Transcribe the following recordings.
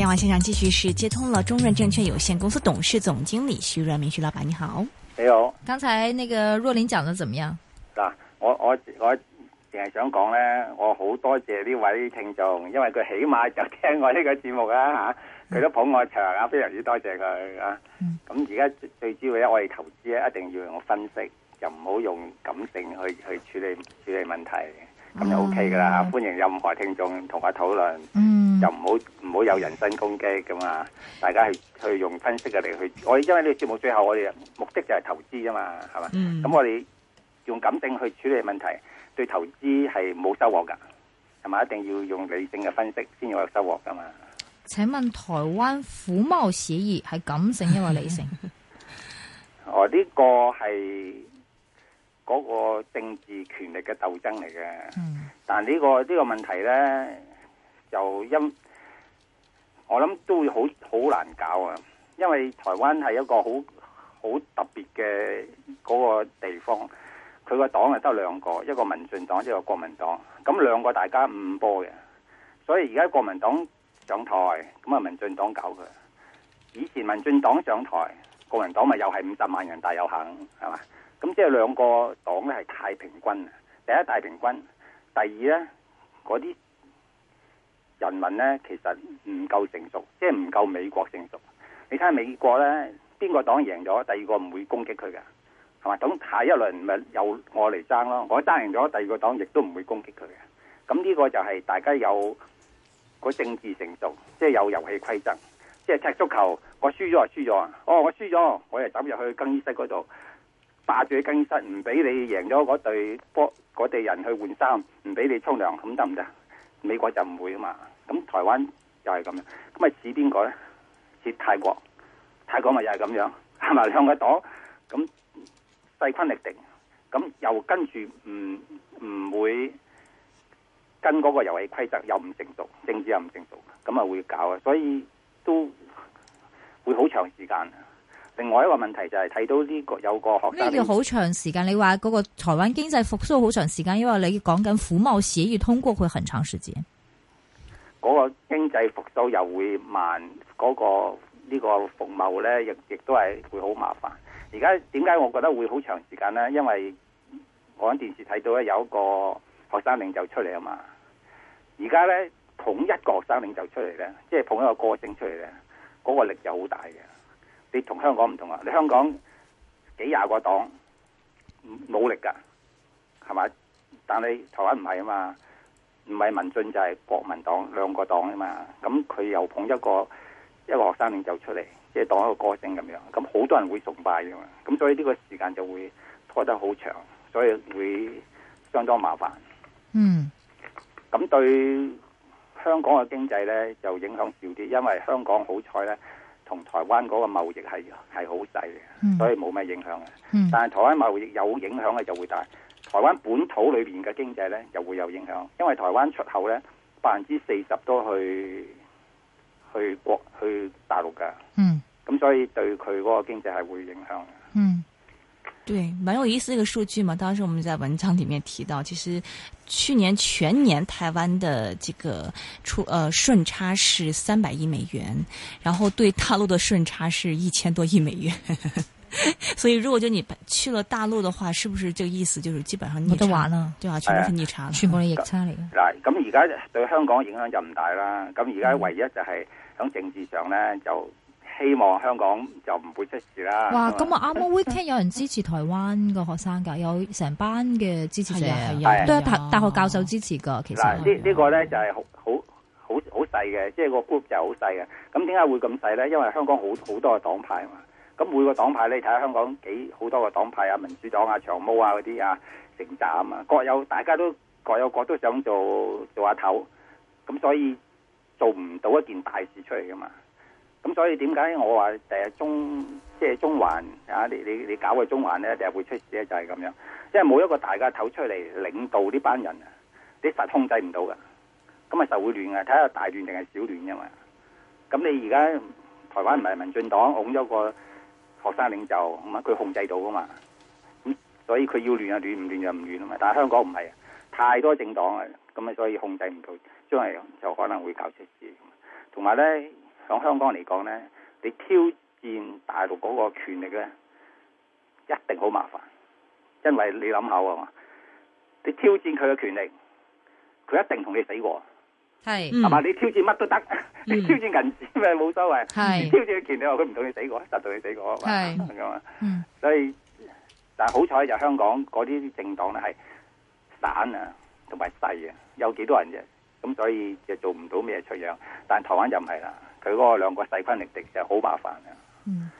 電話線上，繼續是接通了中潤證券有限公司董事總經理徐潤民。徐老闆你好，你好。う剛才那個若琳講得怎麼樣？嗱、啊，我我我淨係想講咧，我好多謝呢位聽眾，因為佢起碼就聽我呢個節目啦吓，佢、啊、都捧我場啊，非常之多謝佢啊。咁而家最主要咧，我哋投資咧一定要用分析，就唔好用感性去去處理處理問題。咁就 OK 噶啦，歡迎任何聽眾同我討論，就唔好唔好有人身攻擊咁啊！大家去去用分析嘅嚟去，我因為呢個節目最後我哋目的就係投資啊嘛，係嘛？咁我哋用感性去處理問題，對投資係冇收穫噶，係咪？一定要用理性嘅分析先有收穫噶嘛？請問台灣虎貓事業係感性定話理性？哦，呢個係。嗰個政治權力嘅鬥爭嚟嘅，但呢、呢個呢、呢個問題呢，就因我諗都會好好難搞啊！因為台灣係一個好好特別嘅嗰個地方，佢個黨係得兩個，一個民進黨，一個國民黨，咁兩個大家五,五波嘅，所以而家國民黨上台，咁啊民進黨搞佢。以前民進黨上台，國民黨咪又係五十萬人大遊行，係嘛？咁即係兩個黨咧，係太平均啦。第一太平均，第二呢，嗰啲人民呢，其實唔夠成熟，即係唔夠美國成熟。你睇下美國呢，邊個黨贏咗，第二個唔會攻擊佢嘅，係嘛？咁下一輪咪又我嚟爭咯。我爭贏咗，第二個黨亦都唔會攻擊佢嘅。咁呢個就係大家有個政治成熟，即係有遊戲規則，即係踢足球，我輸咗就輸咗啊！哦，我輸咗，我係走入去更衣室嗰度。霸住更衣室，唔俾你贏咗嗰隊波嗰隊人去換衫，唔俾你沖涼，咁得唔得？美國就唔會啊嘛，咁台灣又係咁樣，咁啊似邊個咧？似泰國，泰國咪又係咁樣，係咪兩個黨咁勢均力敵，咁又跟住唔唔會跟嗰個遊戲規則，又唔成熟，政治又唔成熟，咁啊會搞啊，所以都會好長時間。另外一個問題就係睇到呢個有個學生咩叫好長時間？你話嗰個台灣經濟復甦好長時間，因為你講緊服貿協議要通過佢好長時間。嗰個經濟復甦又會慢，嗰、那個呢個服貿咧亦亦都係會好麻煩。而家點解我覺得會好長時間呢？因為我喺電視睇到咧有一個學生領袖出嚟啊嘛。而家咧捧一個學生領袖出嚟咧，即係捧一個個性出嚟咧，嗰、那個力就好大嘅。你同香港唔同啊！你香港幾廿個黨努，冇力噶，係嘛？但係台灣唔係啊嘛，唔係民進就係國民黨兩個黨啊嘛。咁佢又捧一個一個學生領袖出嚟，即係當一個歌星咁樣。咁好多人會崇拜㗎嘛。咁所以呢個時間就會拖得好長，所以會相當麻煩。嗯。咁對香港嘅經濟呢，就影響少啲，因為香港好彩呢。同台灣嗰個貿易係係好細嘅。嗯、所以冇咩影響嘅。嗯、但係台灣貿易有影響嘅就會大，台灣本土裏邊嘅經濟呢又會有影響，因為台灣出口呢，百分之四十都去去國去大陸㗎，咁、嗯、所以對佢嗰個經濟係會影響嘅。嗯對，蠻有意思這個數據嘛。當時我們在文章裏面提到，其、就、實、是、去年全年台灣的這個出呃順差是三百億美元，然後對大陸,陸的順差是一千多億美元。 所以如果就你去了大陸的話，是不是這個意思就是基本上逆差了？對啊，全部是逆差了是、啊，全部是逆差嚟嗱，咁而家對香港影響就唔大啦。咁而家唯一就係、是、響、嗯、政治上呢，就。希望香港就唔會出事啦。哇！咁啊啱啱 weekend 有人支持台灣個學生㗎， 有成班嘅支持者，都有大學教授支持㗎。啊、其實呢呢個咧就係好好好好細嘅，即係個 group 就係好細嘅。咁點解會咁細咧？因為香港好好，好多個黨派啊嘛。咁每個黨派咧，你睇下香港幾好多個黨派啊，民主黨啊、長毛啊嗰啲啊，成站啊，各有大家都各有各都想做做下頭，咁所以做唔到一件大事出嚟㗎嘛。咁、嗯、所以點解我話第日中即係中環啊？你你你搞個中環咧，第日會出事咧，就係、是、咁樣。即係冇一個大家頭出嚟領導呢班人啊，你實控制唔到噶，咁啊就會亂啊。睇下大亂定係小亂吖嘛。咁你而家台灣唔係民進黨擁咗個學生領袖，咁啊佢控制到噶嘛？咁所以佢要亂啊，亂唔亂就唔亂啊嘛。但係香港唔係，太多政黨啊，咁啊所以控制唔到，將嚟就可能會搞出事。同埋咧。講香港嚟講咧，你挑戰大陸嗰個權力咧，一定好麻煩，因為你諗下啊嘛，你挑戰佢嘅權力，佢一定同你死過。係，係嘛？你挑戰乜都得，你、嗯、 挑戰銀紙咪冇所謂。係是，你挑戰嘅權力佢唔同你死過，就同你死過啊嘛。係，咁啊。所以，但係好彩就香港嗰啲政黨咧係散啊，同埋細啊，有幾多人啫？咁所以就做唔到咩出樣，但係台灣就唔係啦。佢嗰個兩個勢均力敵就好麻煩啦。嗯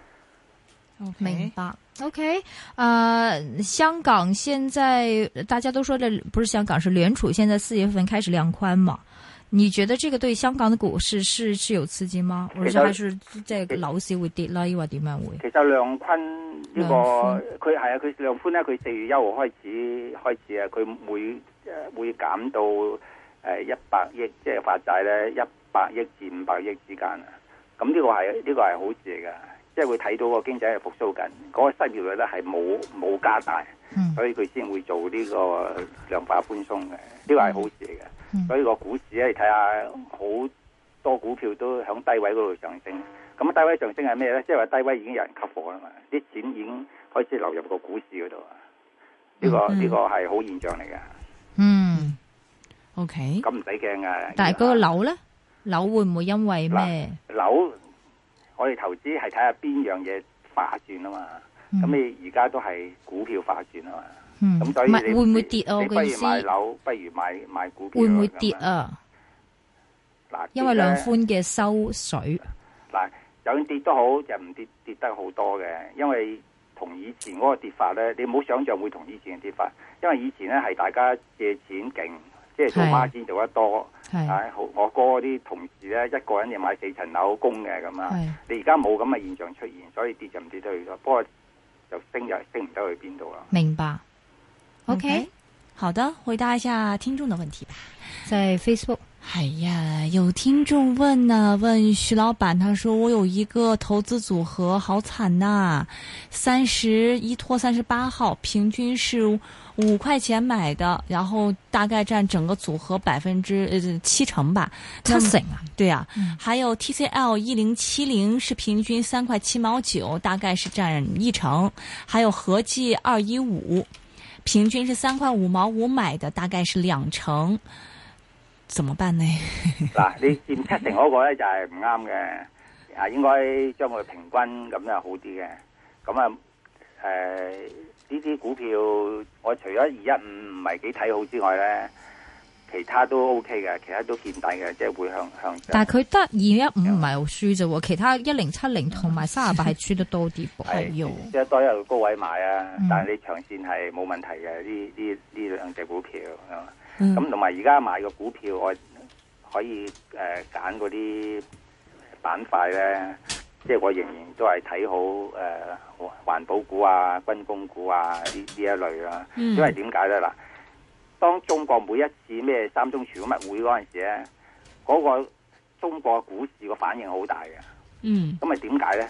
，okay。明白。OK，誒、呃，香港現在大家都說，這不是香港，是聯儲現在四月份開始量寬嘛？你覺得這個對香港的股市是是，是有刺激嗎？或者係，還是即係樓市會跌啦？抑或點樣會？其實量寬呢、這個佢係啊，佢量寬呢，佢四月一號開始開始啊，佢每誒每減到誒一百億，即係發債咧一。百億至五百億之間啊！咁呢個係呢、這個係好事嚟噶，即係會睇到個經濟係復蘇緊，嗰、那個失業率咧係冇冇加大，嗯、所以佢先會做呢個量化寬鬆嘅，呢、這個係好事嚟嘅。嗯嗯、所以個股市咧，你睇下好多股票都響低位嗰度上升，咁低位上升係咩咧？即係話低位已經有人吸貨啦嘛，啲錢已經開始流入個股市嗰度，呢、這個呢、嗯、個係好現象嚟嘅。嗯，OK，咁唔使驚啊。但係嗰個樓咧？樓會唔會因為咩？樓我哋投資係睇下邊樣嘢反轉啊嘛。咁你而家都係股票反轉啊嘛。咁、嗯、所以會唔會跌啊？不如買樓，我嘅意思。不如買買股票。會唔會跌啊？嗱，因為量寬嘅收水。嗱，就算跌都好，又唔跌跌得好多嘅。因為同以前嗰個跌法咧，你唔好想象會同以前嘅跌法。因為以前咧係大家借錢勁，即係做孖展做得多。的係，好是我哥啲同事咧，一個人要買四層樓供嘅咁啊，是你而家冇咁嘅現象出現，所以跌就唔跌得去咗，不過就升又升唔得去邊度啦。明白，OK，, okay. 好的，回答一下聽眾嘅問題吧。在 Facebook，係啊、 哎，有聽眾問呢、啊，問徐老闆，他說我有一個投資組合好慘、啊，好慘吶，三十一拖三十八號，平均是。五塊錢買的，然後大概占整個組合百分之七成吧。t e s t、嗯、啊，對、嗯、還有 TCL 一零七零是平均三塊七毛九，大概是占一成，還有合計二一五，平均是三塊五毛五買的，大概是兩成，怎麼辦呢？嗱， 你見 t e 嗰個咧就係唔啱嘅，啊，應該將佢平均咁樣好啲嘅，咁啊，誒、呃。呢啲股票，我除咗二一五唔係幾睇好之外咧，其他都 OK 嘅，其他都見底嘅，即係會向向上。但係佢得二一五唔係好輸啫，其他一零七零同埋三十八係輸得多啲，係要 即係多一個高位買啊！嗯、但係你長線係冇問題嘅，呢呢呢兩隻股票。咁同埋而家買個股票，我可以誒揀嗰啲板塊咧。即係我仍然都係睇好誒環、呃、保股啊、軍工股啊呢呢一類啦、啊。嗯、因為點解咧嗱？當中國每一次咩三中全會嗰陣時咧，嗰、嗰個中國股市個反應好大嘅。嗯。咁啊點解咧？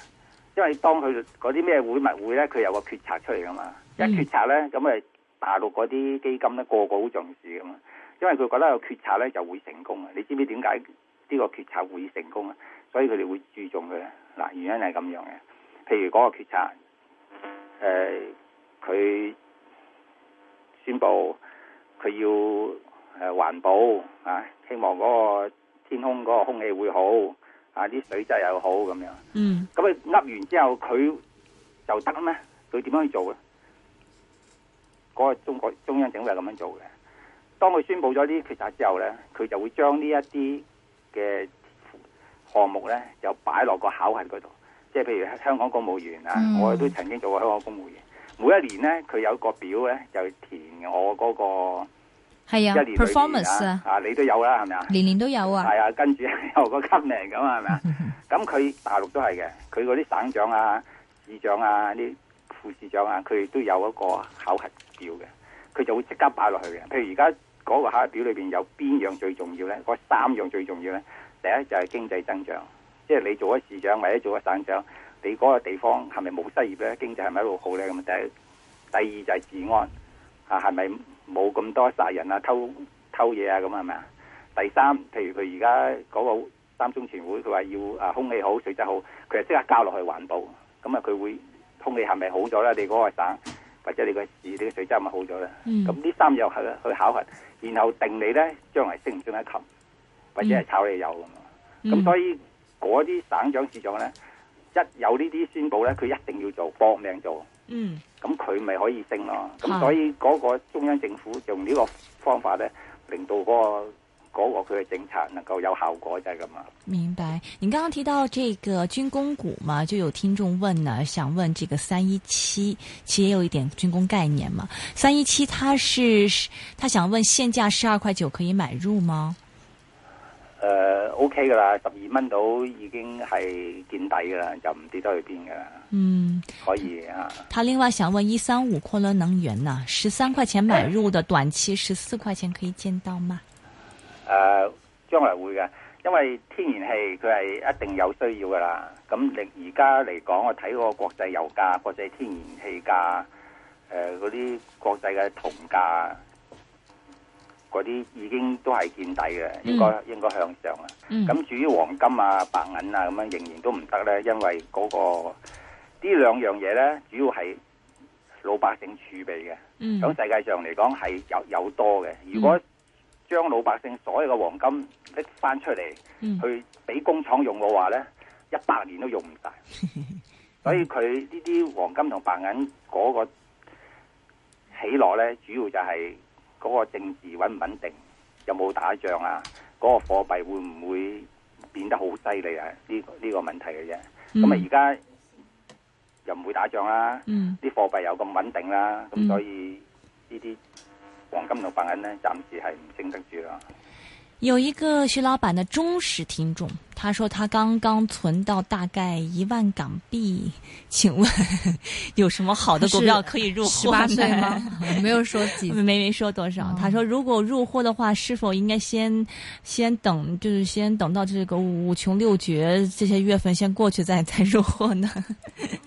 因為當佢嗰啲咩會密會咧，佢有個決策出嚟噶嘛。嗯。一決策咧，咁咪大陸嗰啲基金咧，個個好重視噶嘛。因為佢覺得有決策咧，就會成功啊！你知唔知點解呢個決策會成功啊？所以佢哋會注重嘅。嗱，原因係咁樣嘅，譬如嗰個決策，誒、呃，佢宣布佢要誒環、呃、保啊，希望嗰個天空嗰個空氣會好，啊啲水質又好咁樣。嗯，咁佢噏完之後佢就得咩？佢點樣去做咧？嗰、那個中國中央政府係咁樣做嘅。當佢宣布咗呢啲決策之後咧，佢就會將呢一啲嘅。項目咧又擺落個考核嗰度，即係譬如香港公務員啊，嗯、我哋都曾經做過香港公務員。每一年咧，佢有個表咧，就填我嗰個係啊，performance 啊，performance 啊你都有啦，係咪啊？年年都有啊，係啊，跟住有個級名噶嘛，係咪啊？咁佢 大陸都係嘅，佢嗰啲省長啊、市長啊、啲副市長啊，佢哋都有一個考核表嘅，佢就會即刻擺落去嘅。譬如而家嗰個考核表裏邊有邊樣最重要咧？嗰三樣最重要咧？第一就係經濟增長，即係你做咗市長或者做咗省長，你嗰個地方係咪冇失業咧？經濟係咪一路好咧咁啊？第二，第二就係治安，啊係咪冇咁多殺人啊、偷偷嘢啊咁係咪啊？第三，譬如佢而家嗰個三中全會，佢話要啊空氣好、水質好，佢係即刻交落去環保，咁啊佢會空氣係咪好咗咧？你嗰個省或者你個市你啲水質係咪好咗咧？咁呢、嗯、三又係去考核，然後定你咧將來升唔升得級？或者係炒嚟油。咁、嗯，咁、嗯、所以嗰啲省長市長咧，一有布呢啲宣佈咧，佢一定要做，搏命做。嗯，咁佢咪可以升咯。咁、嗯、所以嗰個中央政府就用呢個方法咧，令到嗰、那個佢嘅、那個、政策能夠有效果就係咁啊。明白。你剛剛提到這個軍工股嘛，就有聽眾問呢，想問這個三一七，其實有一點軍工概念嘛。三一七，他是他想問現價十二塊九可以買入嗎？誒、呃、，OK 噶啦，十二蚊到已經係見底噶啦，就唔跌得去邊噶啦。嗯，可以啊。他另外想問一三五昆崙能源啦、啊，十三塊錢買入嘅短期十四塊錢可以見到嗎？誒、呃，將來會嘅，因為天然氣佢係一定有需要噶啦。咁你而家嚟講，我睇嗰個國際油價、國際天然氣價、誒嗰啲國際嘅銅價。嗰啲已經都係見底嘅，應該、嗯、應該向上啊！咁至於黃金啊、白銀啊咁樣，仍然都唔得呢，因為嗰、嗰個呢兩樣嘢呢，主要係老百姓儲備嘅。咁、嗯、世界上嚟講係有有多嘅。如果將老百姓所有嘅黃金搦翻出嚟、嗯、去俾工廠用嘅話呢，一百年都用唔晒。嗯、所以佢呢啲黃金同白銀嗰個起落呢，主要就係、係。嗰個政治穩唔穩定，有冇打仗啊？嗰、那個貨幣會唔會變得好犀利啊？呢、這、呢、個這個問題嘅啫。咁啊、嗯，而家又唔會打仗啦、啊，啲、嗯、貨幣又咁穩定啦、啊，咁所以呢啲黃金同白銀咧，暫時係唔升得住啦。有一個徐老闆的忠實聽眾，他說他剛剛存到大概一萬港幣，請問有什麼好的股票可以入貨？十八歲嗎？ 沒有說幾，沒沒說多少。哦、他說如果入貨的話，是否應該先先等，就是先等到這個五窮六絕這些月份先過去再，再再入貨呢？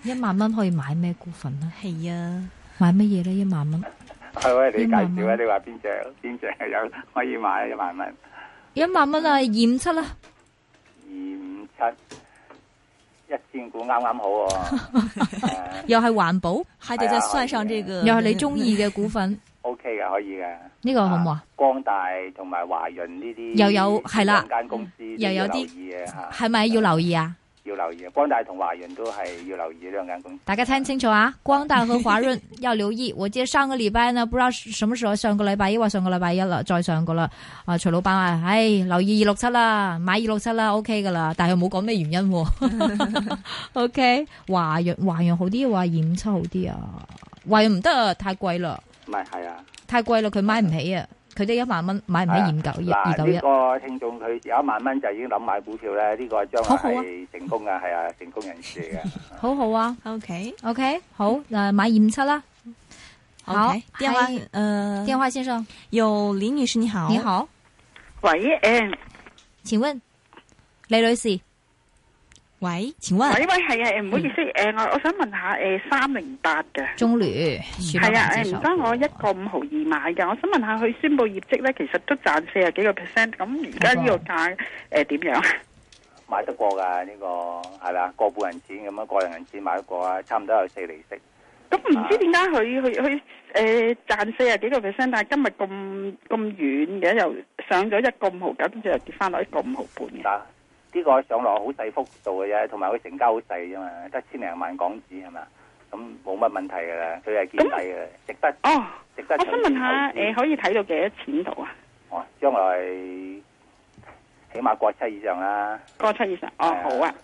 一萬蚊可以買咩股份呢？係、 哎、呀，買乜嘢呢？一萬蚊。係喂、哎，你介紹啊？你話邊隻邊只有可以買一萬蚊？一萬蚊啊，二五七啦，二五七，一千股啱啱好，又係環保，係啊，又係你中意嘅股份，OK 嘅，可以嘅，呢個好唔好啊？光大同埋華潤呢啲，又有係啦，間公司又有啲，係咪、啊、要留意啊？ 要留意，光大同華潤都係要留意兩間公司。大家聽清楚啊！光大和華潤要留意。 我接上個禮拜呢，不知道什麼時候上個禮拜一，或上個禮拜一啦，再上個啦。啊，徐老闆啊，唉、哎，留意二六七啦，買二六七啦，OK 噶啦。但係又冇講咩原因。OK，華潤華潤好啲嘅話二五七好啲啊，華潤唔得啊，太貴啦。唔係，係啊。太貴啦，佢買唔起啊！佢都一萬蚊買唔起二九一。嗱、呢、這個聽眾佢有一萬蚊就已經諗買股票咧，呢、這個將來係成功好好啊，係啊成功人士嘅 。好好啊，OK OK，好，誒，買二五七啦。好 okay, 是電話，誒、呃、電話先生，有李女士你好，你好，你好喂誒，嗯、請問李女士。喂，請問？喂喂係啊，唔好意思，誒我我想問下誒三零八嘅中旅係啊，誒唔該我一個五毫二買嘅，我想問下佢宣布業績咧，其實都賺四十幾個 percent，咁而家呢個價誒點樣？買得過噶呢個係咪啊？個半銀錢咁樣，個人銀錢買得過啊，差唔多有四厘息。咁唔知點解佢佢佢誒賺四十幾個 percent，但係今日咁咁遠嘅，又上咗一個五毫九，跟住又跌翻落一個五毫半嘅。呢個上落好細幅度嘅啫，同埋佢成交好細啫嘛，得千零萬港紙係嘛，咁冇乜問題噶啦，佢係見底嘅值得，值得。我想問下，誒，可以睇到幾多錢度啊？哦，將來起碼過七以上啦，過七以上，哦，好啊，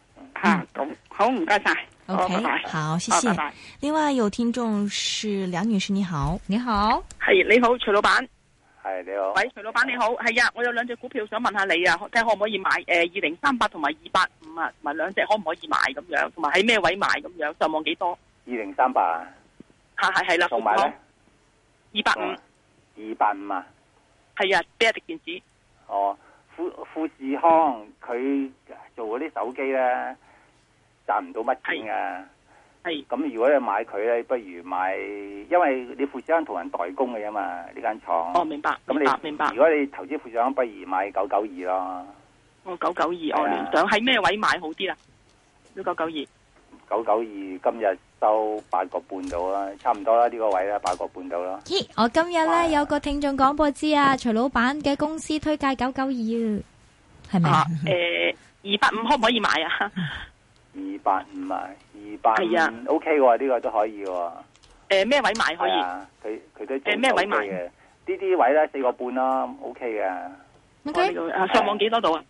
吓，咁好，唔該晒，OK，好，謝謝。另外有聽眾是梁女士，你好，你好，係你好，徐老板。係你好，喂，徐老闆你好，係啊的，我有兩隻股票想問下你啊，睇可唔可以買誒二零三八同埋二百五啊，同、呃、埋兩隻可唔可以買咁樣，同埋喺咩位買咁樣，上望幾多？二零三八啊，係係係啦，同埋咧二百五，二百五啊，係呀，一隻電子？哦，富富士康佢做嗰啲手機咧，賺唔到乜錢啊。係咁，是如果你買佢咧，不如買，因為你富士康同人代工嘅嘛呢間廠。間廠哦，明白，嗯、明白，你明白。如果你投資富士康，不如買九九二咯。哦，九九二哦，聯想喺咩位買好啲啦？九九二，九九二今日收八個半到啦，差唔多啦，呢、這個位啦，八個半到啦。咦，我今日咧哇有個聽眾廣播知啊，徐老闆嘅公司推介九九二，係咪、啊？誒、呃，二八五可唔可以買啊？二八五買。係啊，OK 嘅，呢個都可以。誒，咩位買可以？佢佢都誒咩位買嘅？呢啲位咧，四個半啦，OK 嘅。OK，上網幾多度啊？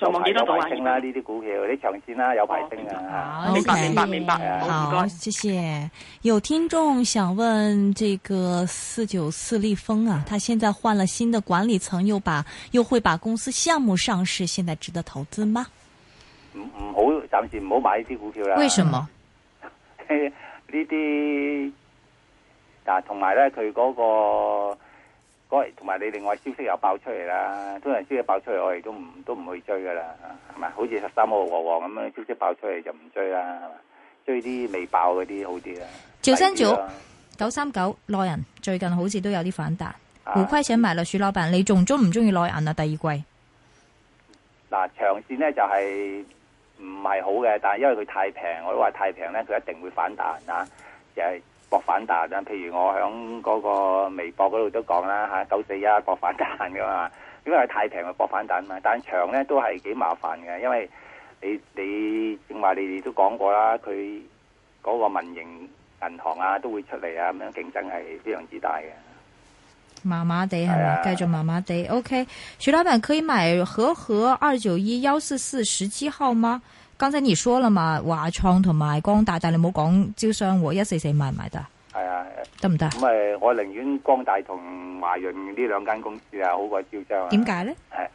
上網幾多度啊？有排升啦，呢啲股票啲長線啦，有排升啊。明白明白明白。好，謝謝。有聽眾想問這個四九四利豐啊，他現在換了新的管理層，又把又會把公司項目上市，現在值得投資嗎？唔唔好，暫時唔好買呢啲股票啦。為什麼呢啲？嗱，同埋咧，佢嗰個，嗰，同埋你另外消息又爆出嚟啦。通常消息爆出嚟，我哋都唔都唔去追噶啦，係嘛？好似十三號旺旺咁樣消息爆出嚟就唔追啦，追啲未爆嗰啲好啲啦。趙生早九三九內銀最近好似都有啲反彈，唔虧錢賣啦，許老闆，你仲中唔中意內銀啊？第二季嗱，長線咧就係。唔係好嘅，但係因為佢太平，我都話太平咧，佢一定會反彈啊！就係、是、搏反彈啊！譬如我響嗰個微博嗰度都講啦嚇，九四一搏反彈噶嘛，因為太平咪搏反彈嘛。但係長咧都係幾麻煩嘅，因為你你正話你哋都講過啦，佢嗰個民營銀行啊都會出嚟啊，咁樣競爭係非常之大嘅。麻麻地，係咪？繼續麻麻地，OK。徐老闆可以買和合二九一一四四十七號嗎？剛才你說了嘛，華創同埋光大，但係你冇講招商喎，一四四買唔買得？係啊，得唔得？咁誒，我寧願光大同華潤呢兩間公司啊，好過招商。點解咧？係，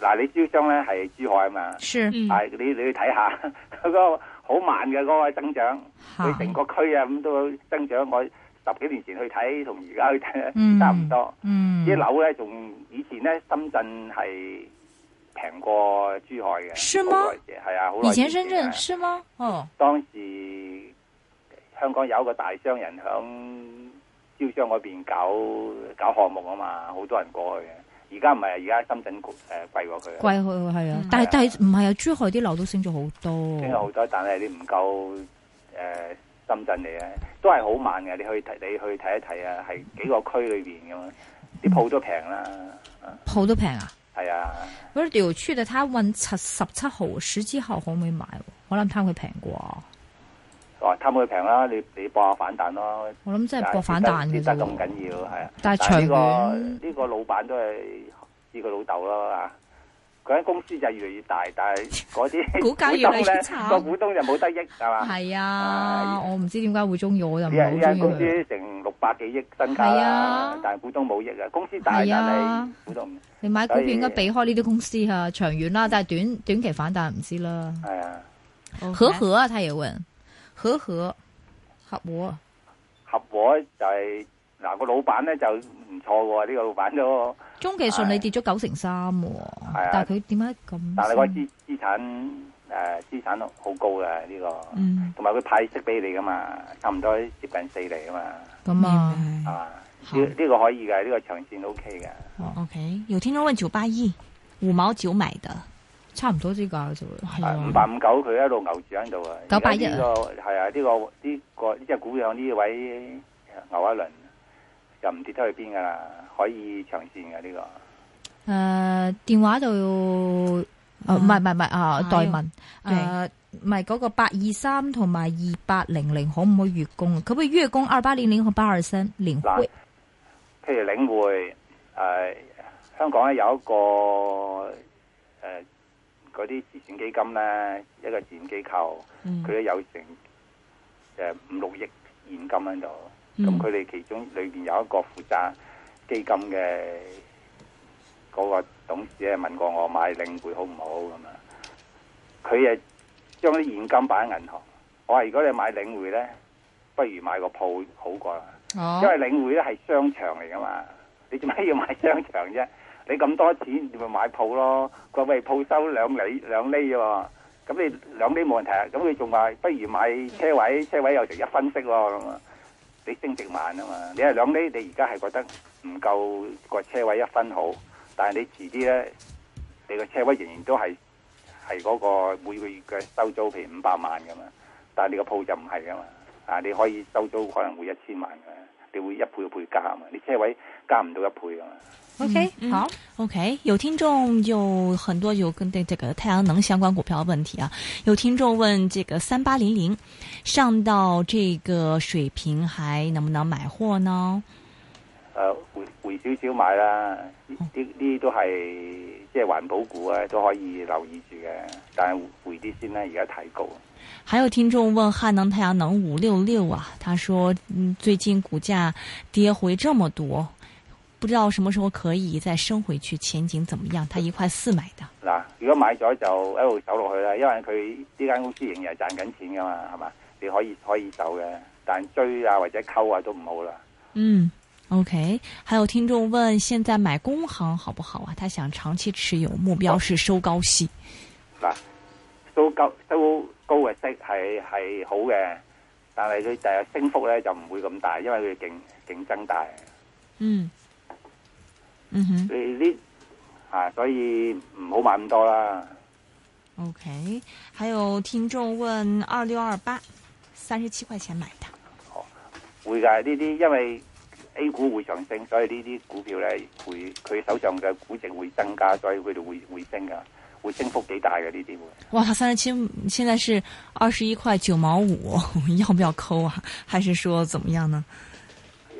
嗱，你招商咧係珠海啊嘛，是，係、嗯哎、你你要睇下嗰個好慢嘅嗰個增長，佢成好個區啊咁都增長我。十幾年前去睇同而家去睇差唔多，啲樓咧仲以前咧深圳係平過珠海嘅，係嗎？係啊，好耐前。以前深圳是嗎？哦，當時香港有一個大商人響招商嗰邊搞搞項目啊嘛，好多人過去嘅。而家唔係，而家深圳誒貴、呃、過佢。貴去係啊，嗯、啊但係但係唔係啊，珠海啲樓都升咗好多。升咗好多，但係你唔夠誒。呃呃深圳嚟嘅，都係好慢嘅。你去睇你去睇一睇啊，係幾個區裏邊咁啊，啲鋪都平啦，鋪都平啊，係啊。嗰條柱啊，睇下運七十七毫時之後可唔可以買？我諗貪佢平啩。哦，貪佢平啦，你你搏下反彈咯。我諗真係博反彈，其實咁緊要。但係、啊、長遠呢、呢個呢個老闆都係呢個老豆咯嗰間公司就越嚟越大，但係嗰啲股價越嚟越差，個股，股東就冇得益係嘛？係啊，啊我唔知點解會中意，我又唔係好中意佢。成六百幾億身家啊，但係股東冇益啊，公司大、啊、但係股東。啊、所以你買股票應該避開呢啲公司啊，長遠啦，但係短短期反彈唔知啦。係啊，合和 Okay. 啊，胡應湘，合和，合和就係嗱個老闆咧就。錯喎呢個老闆都中期順利跌咗九成三，但係佢點解咁？但係佢資資產誒資產好高嘅呢個，同埋佢派息俾你噶嘛，差唔多接近四厘啊嘛。咁啊，係嘛？呢個可以嘅，呢個長線 O K 嘅。O K，有聽眾問九八一五毛九買的，差唔多呢個就係五百五九，佢一路牛住喺度啊。九八一啊，係啊，呢個呢個呢隻股向呢位牛一輪。就唔跌得去邊噶啦，可以長線嘅呢，這個。誒，uh, 電話就唔係唔係唔啊，啊代問文誒，唔係嗰個八二三同埋二八零零可唔可以月供啊？可唔可以月供二八零零同八二三年？會？譬如領匯誒，香港咧有一個誒嗰啲慈善基金咧，一個慈善機構，佢都、嗯、有成誒五六億現金喺度。咁佢哋其中裏邊有一個負責基金嘅嗰個董事咧，問過我買領匯好唔好咁啊？佢就將啲現金擺喺銀行，我話如果你買領匯咧，不如買個鋪好過啦。啊，因為領匯咧係商場嚟噶嘛，你做咩要買商場啫？你咁多錢，你咪買鋪咯。佢話咪鋪收兩厘兩厘啫，咁你兩厘冇問題。咁你仲話不如買車位，車位有成一分息喎。你升值慢啊嘛，你係兩厘，你而家係覺得唔夠個車位一分好，但係你遲啲咧，你個車位仍然都係係嗰個每個月嘅收租譬如五百萬噶嘛，但係你個鋪就唔係噶嘛，啊你可以收租可能會一千萬嘅。你會一倍一倍加嘛？你車位加唔到一倍㗎嘛？OK 好、um，OK 有聽眾有很多有跟對這個太陽能相關股票問題啊，有聽眾問這個三八零零上到這個水平還能不能買貨呢？誒、呃，回回少少買啦，呢啲都係即係環保股啊，都可以留意住嘅，但係回啲先啦，而家太高。還有聽眾問漢能太陽能五六六啊，他說嗯，最近股價跌回這麼多，不知道什麼時候可以再升回去，前景怎麼樣？他一塊四買的。嗱，如果買咗就一路走落去啦，因為佢呢間公司仍然係賺緊錢噶嘛，係嘛？你可以可以走嘅，但追啊或者溝啊都唔好啦。嗯，OK，還有聽眾問現在買工行好不好啊？他想長期持有，目標是收高息、啊啊、收高收。高嘅息係係好嘅，但係佢就係升幅咧就唔會咁大，因為佢競競爭大。嗯，嗯哼，你呢吓，所以唔好買咁多啦。OK，還有聽眾問：二六二八三十七塊錢買的，哦，會噶呢啲，因為 A 股會上升，所以呢啲股票咧會佢手上嘅股值會增加，所以佢哋會會升噶。會升幅幾大嘅呢啲？啊！哇，三十七，現在是二十一塊九毛五， 要不要溝啊？還是說怎麼樣呢？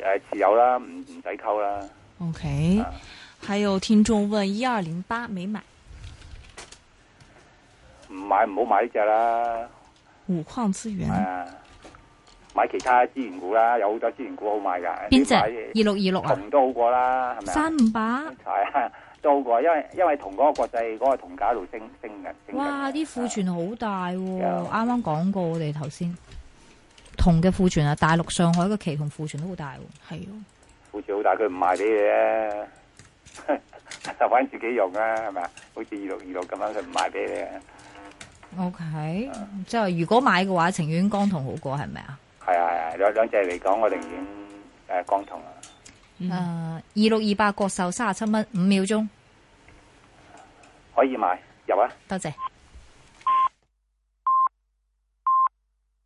誒，持有啦，唔唔使溝啦。OK、啊、還有聽眾問一二零八未買，唔買唔好買呢隻啦。五礦資源。係買、啊、買其他資源股啦，有好多資源股好買噶。邊隻二六二六啊？銅都好過啦，係咪三五把八。 做嘅，因為因為同嗰個國際嗰個銅價度升升嘅，升哇！啲庫存好大喎、啊，啱啱講過我哋頭先，銅嘅庫存啊，大陸上海嘅期銅庫存都好大喎、啊，係哦的，庫存好大，佢唔賣俾你啊，留 翻自己用啊，係咪啊？好似二六二六咁樣，佢唔賣俾你啊。O K，即係如果買嘅話，情願光銅好過係咪、嗯、啊？係啊係啊，兩兩隻嚟講，我寧願誒光銅。啊。誒，二六二八國壽三十七蚊五秒鐘，可以買入啊！多謝。